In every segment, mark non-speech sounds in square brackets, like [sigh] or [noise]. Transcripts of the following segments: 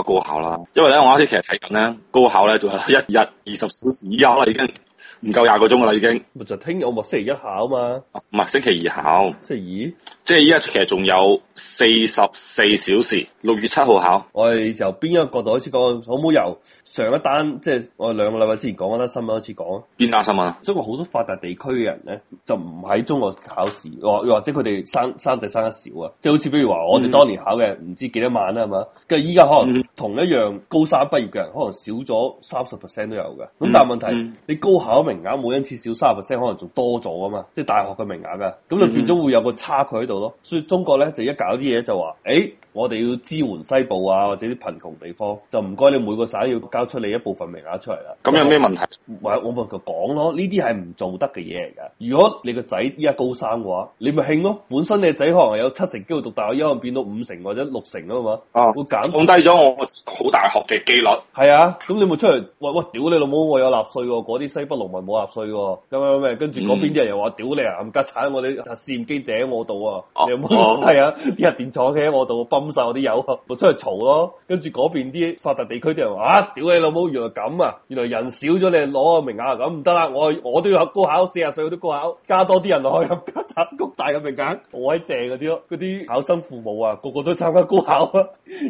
高考啦，因為咧我啱先其實睇緊咧，高考咧就係一日二十小時以後啦已經。唔夠廿個鐘啦，已經。就聽日我咪星期一考啊嘛，唔係星期二考。星期二，即係依家其實仲有四十四小時。六月七號考。我哋由邊一個角度開始講，好冇？由上一單，即係我哋兩個禮拜之前講嗰單新聞開始講。邊單新聞啊？中國好多發達地區嘅人咧，就唔喺中國考試，或或者佢哋生生，生生仔生得少啊。即係好似比如話，我哋當年考嘅唔知幾多萬啦，係嘛？跟住依家可能同一樣高三畢業嘅人，可能少咗三十 percent 都有嘅。咁但係問題、嗯嗯，你高考名額每一次少三十 percent，可能仲多咗啊嘛，即係大學嘅名額噶，咁就變咗會有個差距喺度咯。所以中國咧就一搞啲嘢就話，誒，我哋要支援西部啊，或者啲貧窮地方，就唔該你每個省要交出你一部分名額出嚟啦。咁有咩問題？我咪佢講咯，呢啲係唔做得嘅嘢嚟噶。如果你個仔依家高三嘅話，你咪慶咯，本身你個仔可能有七成機會讀大學，依家變到五成或者六成啊嘛，啊，會減降低咗我好大學嘅機率。係啊，咁你咪出嚟，喂喂，屌你老母，我有納稅喎，嗰啲西北農民。唔好廿歲喎，咁樣咩？跟住嗰邊啲人又話：屌、嗯、你啊！冚家鏟，我哋、啊，試驗機頂我度啊！你又冇係啊？啲人點坐喺我度，泵晒我啲友，我出嚟嘈咯。跟住嗰邊啲發達地區啲人話：啊，屌你老母！原來咁啊！原來人少咗，你攞個名額咁唔得啦！我我都要考高考，四十歲我都高考，加多啲人落去，冚家鏟谷大嘅名額。我喺正嗰啲咯，嗰啲考生父母啊，個個都參加高考啊，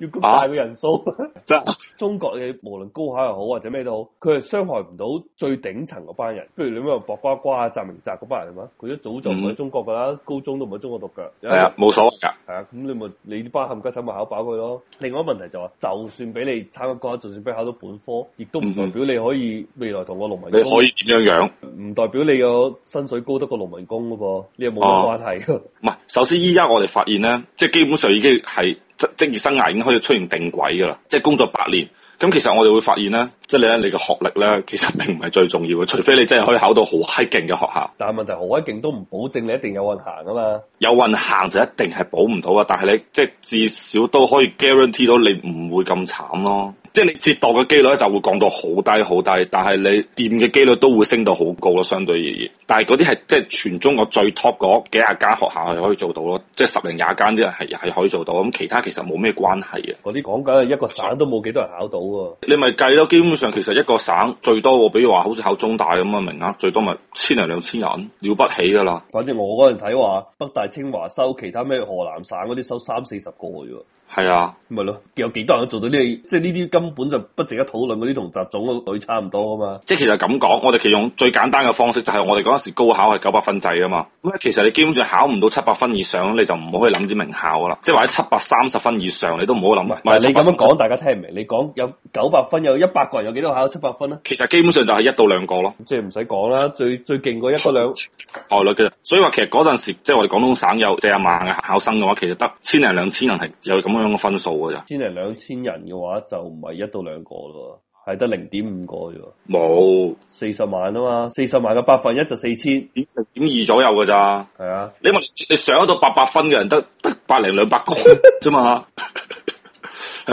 要擴大嘅人數。啊、 [laughs] 中國嘅無論高考又好，或者咩都好，佢係傷害唔到最頂層班人，不如你咩薄瓜瓜啊，習明澤嗰班人係嘛？佢一早就唔喺中國噶啦、嗯，高中都唔喺中國讀噶。係啊，冇所謂㗎。係啊，咁你咪你啲班冚家鏟咪考飽佢咯。另外一個問題就話、是，就算俾你參加高考，就算俾你考到本科，亦都唔代表你可以未來同個農民工。你可以點樣樣？唔代表你個薪水高得過農民工噶噃，呢個冇關係㗎。唔、啊、係、啊啊，首先依家我哋發現咧，即係基本上已經係職職業生涯已經開始出現定軌㗎啦，即係工作八年。咁其實我哋會發現咧，即係咧你嘅學歷咧，其實並唔係最重要嘅，除非你真係可以考到好閪勁嘅學校。但係問題，好閪勁都唔保證你一定有運行噶嘛。有運行就一定係保唔到啊！但係你即係至少都可以 guarantee 到你唔會咁慘咯。即、就、係、是、你折墮嘅機率就會降到好低好低，但係你掂嘅機率都會升到好高咯。相對而言，但係嗰啲係即係全中國最 top 嗰幾廿間學校係可以做到咯，即係十零廿間啲係係可以做到。咁、嗯、其他其實冇咩關係嘅。嗰啲講緊一個省都冇幾多人考到。你咪計咯，基本上其實一個省最多，比如話好似考中大咁啊，名額最多咪千零兩千人，了不起噶啦。反正我嗰陣睇話，北大、清華收其他咩河南省嗰啲收三四十個啫喎。係啊，咪咯，有幾多人做到呢啲？即係呢啲根本就不值得討論嗰啲同習總個女差唔多啊嘛。即係其實咁講，我哋其實用最簡單嘅方式，就係我哋嗰陣時高考係九百分制啊嘛。咁其實你基本上考唔到七百分以上，你就唔好去諗啲名校噶啦。即係話喺七百三十分以上，你都唔好諗啊。唔係你咁樣講，大家聽唔明？你講有。九百分有一百個人有，有幾多考七百分咧？其實基本上就係一到兩個咯，即係唔使講啦。最最勁一到兩個啦其實，所以話其實嗰陣時，即係我哋廣東省有四十萬嘅考生嘅話，其實得千零兩千人係有咁樣嘅分數嘅咋。千零兩千人嘅話就唔係一到兩個咯，係得零點五個啫。冇四十萬啊嘛，四十萬嘅百分一就四千點零點二左右嘅咋。係啊，你問你上到八百分嘅人得得百零兩百個啫嘛。 [laughs]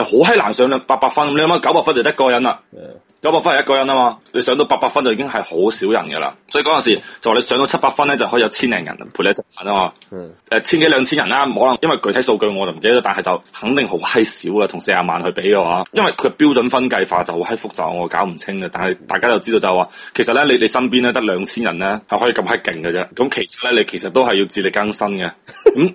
係好閪難上啦，八百分你諗下九百分就一個人啦，九百分係一個人啊嘛，你上到八百分就已經係好少人嘅啦。所以嗰陣時，就話你上到七百分咧，就可以有千零人陪你一齊玩啊嘛。誒，千幾兩千人啦，可能因為具體數據我就唔記得，但係就肯定好閪少噶，同四廿萬去比嘅話，因為佢標準分計法就好閪複雜，我搞唔清嘅。但係大家就知道就話，其實咧你哋身邊咧得兩千人咧係可以咁閪勁嘅啫。咁其實咧你其實都係要自力更生嘅。咁、嗯、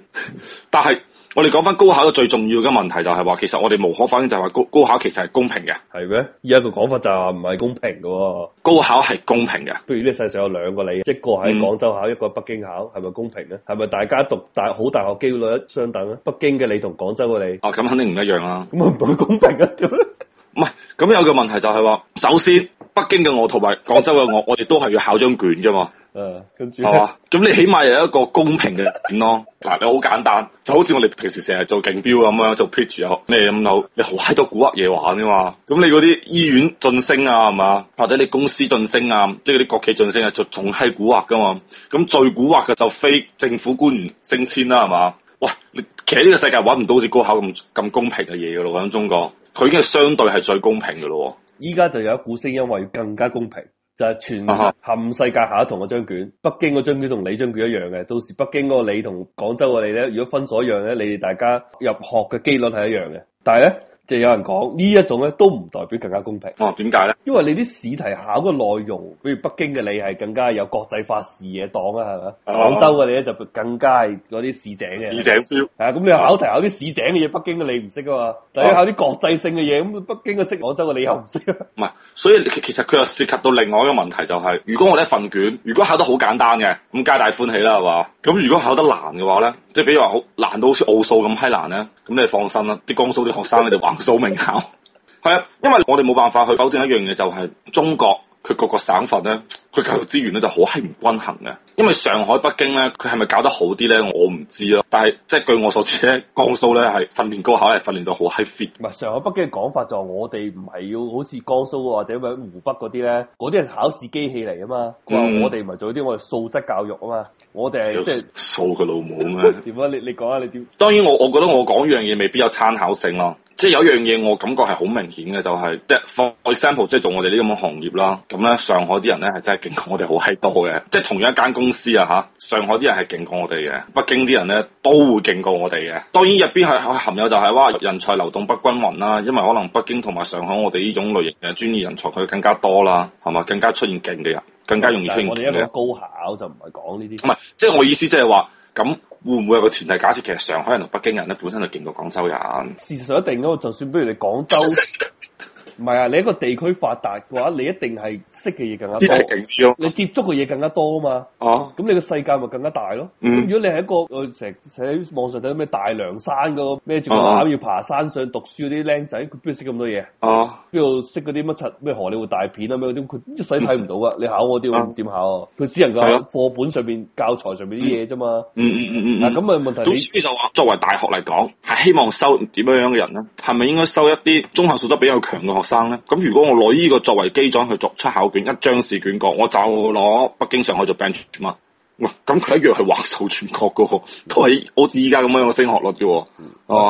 但係。我哋講翻高考嘅最重要嘅問題就係話，其實我哋無可否認就係話高高考其實係公平嘅，係咩？依家個講法就係唔係公平嘅，高考係公平嘅。不如呢世上有兩個你，一個喺廣州考，一個喺北京考，係、嗯、咪公平咧？係咪大家讀大好大學機會率相等咧？北京嘅你同廣州嘅你，哦、啊，咁肯定唔一樣啊。咁會唔會公平啊？咁唔係，咁有個問題就係話，首先。北京嘅我同埋廣州嘅我，我哋都係要考張卷啫嘛。嗯、啊，跟住，係嘛，咁你起碼有一個公平嘅點咯。嗱，你好簡單，就好似我哋平時成日做競標咁樣，做 pitch 啊，咩咁都，你好嗨多蠱惑嘢玩噶嘛。咁你嗰啲醫院晉升啊，係嘛，或者你公司晉升啊，即係嗰啲國企晉升啊，就仲係蠱惑噶嘛。咁最蠱惑嘅就非政府官員升遷啦，係嘛。哇，你其實呢個世界揾唔到好似高考咁咁公平嘅嘢噶咯。響中國，佢已經係相對係最公平噶咯。依家就有一股聲音話要更加公平，就係、是、全含世界下一同嗰張卷，北京嗰張卷同你張卷一樣嘅，到時北京嗰個你同廣州嗰個你咧，如果分咗一樣咧，你哋大家入學嘅幾率係一樣嘅，但係咧。即、就、係、是、有人講呢一種咧，都唔代表更加公平。哦、啊，點解咧？因為你啲試題考嘅內容，比如北京嘅你係更加有國際化視野黨啊，係咪？廣州嘅你咧就更加係嗰啲市井嘅。市井燒。係啊，咁你考題考啲市井嘅嘢，北京嘅、啊、你唔識噶嘛？但係考啲國際性嘅嘢，咁北京嘅識，廣州嘅你又唔識。唔、啊、係，啊、 [laughs] 所以其實佢又涉及到另外一個問題、就是，就係如果我哋一份卷，如果考得好簡單嘅，咁皆大歡喜啦，係嘛？咁如果考得難嘅話咧，即係比如話好難到好似奧數咁閪難咧，咁你放心啦，啲江蘇啲學生你哋還。 [laughs] 數名校，係啊，因為我哋冇辦法去否定一樣嘢，就係中國佢各個省份咧。個教育資源咧就好閪唔均衡嘅，因為上海、北京咧，佢係咪搞得好啲咧？我唔知咯。但係即係據我所知咧，江蘇咧係訓練高考係訓練到好閪 fit。唔係上海、北京嘅講法就是我哋唔係要好似江蘇或者湖北嗰啲咧，嗰啲係考試機器嚟啊嘛。佢話我哋唔係做啲、嗯、我哋素質教育啊嘛。我哋即係掃佢老母咩？點 [laughs] 啊？你你講啊？你點？當然我我覺得我講呢樣嘢未必有參考性咯、啊。即係有樣嘢我感覺係好明顯嘅，就係即係 for example 即係做我哋呢咁嘅行業啦。咁咧上海啲人咧係真係。我哋好閪多嘅，即係同樣一間公司啊吓，上海啲人係勁過我哋嘅，北京啲人咧都會勁過我哋嘅。當然入邊係含有就係話人才流動不均匀啦，因為可能北京同埋上海我哋呢種類型嘅專業人才佢更加多啦，係嘛更加出現勁嘅人，更加容易出現。我哋一個高考就唔係講呢啲，唔係即係我意思即係話，咁會唔會有個前提假設，其實上海人同北京人咧本身就勁過廣州人？事實上一定咯，就算不如你廣州。 [laughs] 唔係啊！你一個地區發達嘅話，你一定係識嘅嘢更加多，這是啊、你接觸嘅嘢更加多啊嘛。哦、啊，咁你個世界咪更加大咯？嗯、如果你係一個我成日喺網上睇咩大涼山個咩，仲個攪要爬山上讀書嗰啲僆仔，佢邊度識咁多嘢？哦、啊，邊度識嗰啲乜柒咩荷里活大片啊咩啲？佢一世睇唔到啊、嗯！你考我啲點考？啊？佢只能夠喺課本上邊教材上邊啲嘢啫嘛。嗯嗯嗯嗯，嗱咁啊問題是。咁所以就話，作為大學嚟講，係希望收點樣樣嘅人啊？係咪應該收一啲綜合素質比較強嘅學生？生咧，咁如果我攞呢個作為基準去作出考卷，一張試卷過我就攞北京、上海做 bench 嘛。咁佢一樣係橫掃全國噶，都係好似依家咁樣個升學率啫。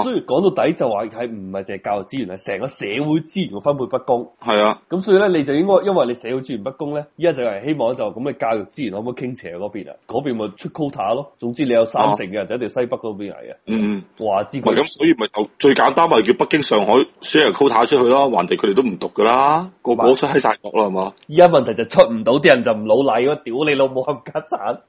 所以講到底就話係唔係淨係教育資源，係成個社會資源嘅分配不公。係啊，咁所以咧你就應該，因為你社會資源不公咧，依家就係希望就咁嘅教育資源可唔可以傾斜嗰邊啊？嗰邊咪出 quota 咯。總之你有三成嘅人就一定西北嗰邊嚟嘅。嗯，嗯，話之咁，所以咪就最簡單咪叫北京、上海 share quota 出去咯。橫掂佢哋都唔讀噶啦，個個出喺晒國啦，係嘛？依家問題就出唔到啲人就唔老賴咯，屌你老母冚家產！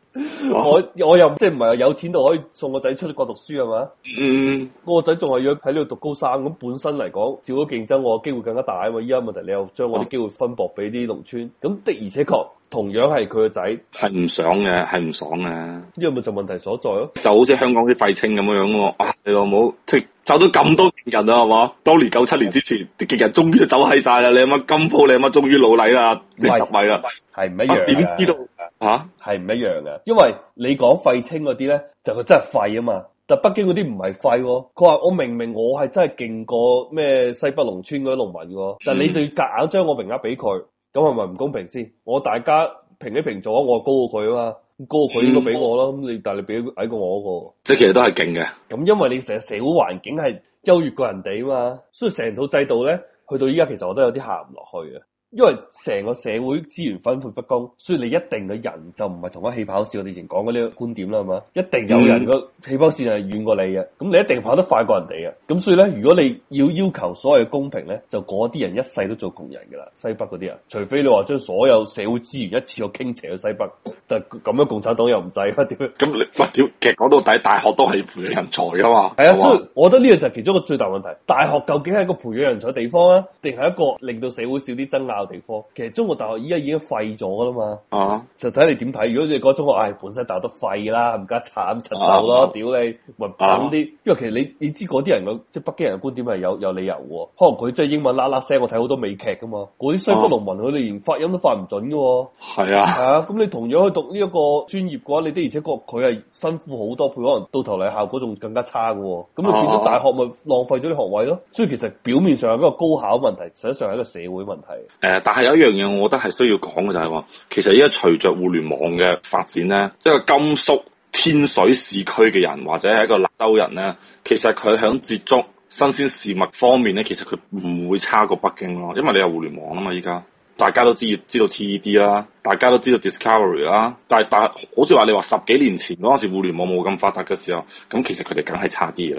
哦、我我又即係唔係話有錢到可以送個仔出國讀書係嘛？嗯，我個仔仲係要喺呢度讀高三，咁本身嚟講少咗競爭，我嘅機會更加大啊嘛！依家問題你又將我啲機會分薄俾啲農村，咁的而且確同樣係佢個仔係唔爽嘅，係唔爽嘅。呢個咪就問題所在咯。就好似香港啲廢青咁樣樣咯，啊，你老母即走咗咁多人啊，係嘛？當年九七年之前啲巨人終於走喺晒啦，你阿媽金鋪，你阿媽終於老禮啦，你入啦，係唔一樣點、啊，知道？吓、啊，係唔一樣嘅，因為你講廢青嗰啲咧，就佢真係廢啊嘛。但北京嗰啲唔係廢，佢話我明明我係真係勁過咩西北農村嗰啲農民嘅、嗯，但你就要夾硬將我名額俾佢，咁係咪唔公平先？我大家平起平坐，我高過佢啊嘛，高過佢應該俾我咯。咁、嗯、你但你俾矮過我個，即係其實都係勁嘅。咁因為你成個社會環境係優越過人哋啊嘛，所以成套制度咧，去到依家其實我都有啲行唔落去嘅。因為成個社會資源分配不公，所以你一定嘅人就唔係同一起跑線。我哋以前講過呢個觀點啦，係嘛？一定有人個起跑線係遠過你嘅，咁你一定跑得快過人哋嘅。咁所以咧，如果你要要求所謂的公平咧，就嗰啲人一世都做窮人噶啦，西北嗰啲人，除非你話將所有社會資源一次過傾斜去西北，但咁樣共產黨又唔制啊？點樣？咁你話點？其實講到底，大學都係培養人才噶嘛。係啊，所以我覺得呢個就係其中一個最大問題。大學究竟係一個培養人才嘅地方啊，定係一個令到社會少啲爭拗？地方，其實中國大學而家已經廢咗啦嘛，uh-huh. 就睇你點睇。如果你講中國，唉、哎，本身大學都廢啦，唔加慘就走咯，屌你，咪等啲。Uh-huh. 因為其實你你知嗰啲人嘅，即係北京人嘅觀點係有有理由。可能佢即係英文啦啦聲，我睇好多美劇噶嘛，嗰啲西北農民佢哋連發音都發唔準噶。係啊，吓咁你同樣去讀呢一個專業嘅話，你的而且確佢係辛苦好多倍，可能到頭嚟效果仲更加差噶。咁你見到大學咪浪費咗啲學位咯。Uh-huh. 所以其實表面上係一個高考問題，實際上係一個社會問題。誒，但係有一樣嘢，我覺得係需要講嘅就係話，其實而家隨着互聯網嘅發展咧，一個甘肅天水市區嘅人或者係一個蘭州人咧，其實佢響接觸新鮮事物方面咧，其實佢唔會差過北京咯，因為你有互聯網啊嘛，依家大家都知知道 TED 啦，大家都知道 Discovery 啦，但係但係好似話你話十幾年前嗰陣時互聯網冇咁發達嘅時候，咁其實佢哋梗係差啲啦。